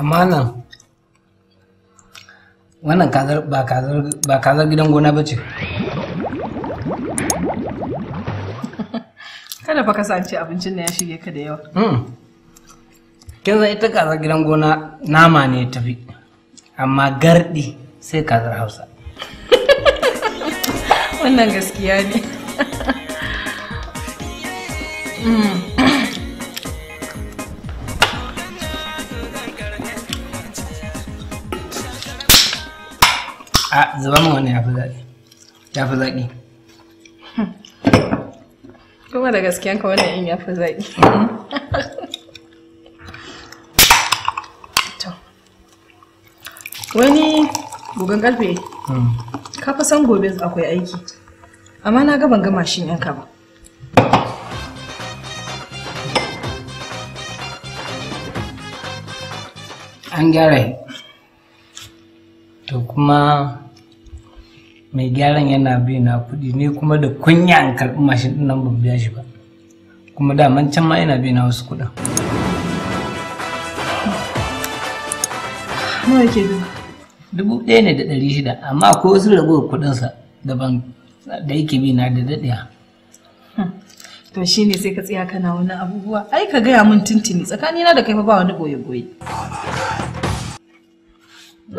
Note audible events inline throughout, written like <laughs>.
amma nan wannan kazar ba kazar gidan gona ba ce <laughs> kada fa kasance abincin da ya shige ka da yawa hmm. kin ita kazar gidan gona nama ne tafi amma gardi sai kazar hausa <laughs> wannan gaskiya ne <laughs> hmm. a zuba min wannan yafi zaƙi yafi zaƙi kuma da gaskiyan ka wannan in yafi zaƙi <laughs> wani gogon ƙarfe, hmm. ka fi san gobe akwai aiki amma na ga ban gama shi ka ba an gyara to kuma mai gyaran yana bi na kuɗi ne kuma da kunya an karɓi mashin ɗin nan ban biya shi ba kuma daman can ma yana bi na wasu kuɗin. Nawa yake dubu? Dubu ɗaya ne da ɗari shida amma ko wasu ragowar kuɗinsa daban da yake bi na da daɗiya hmm. To shi ne sai ka tsaya kana wani abubuwa ai ka gaya min tuntuni tsakanina da kai fa ba wani goye-goye. Na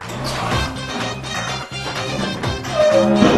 Thank you.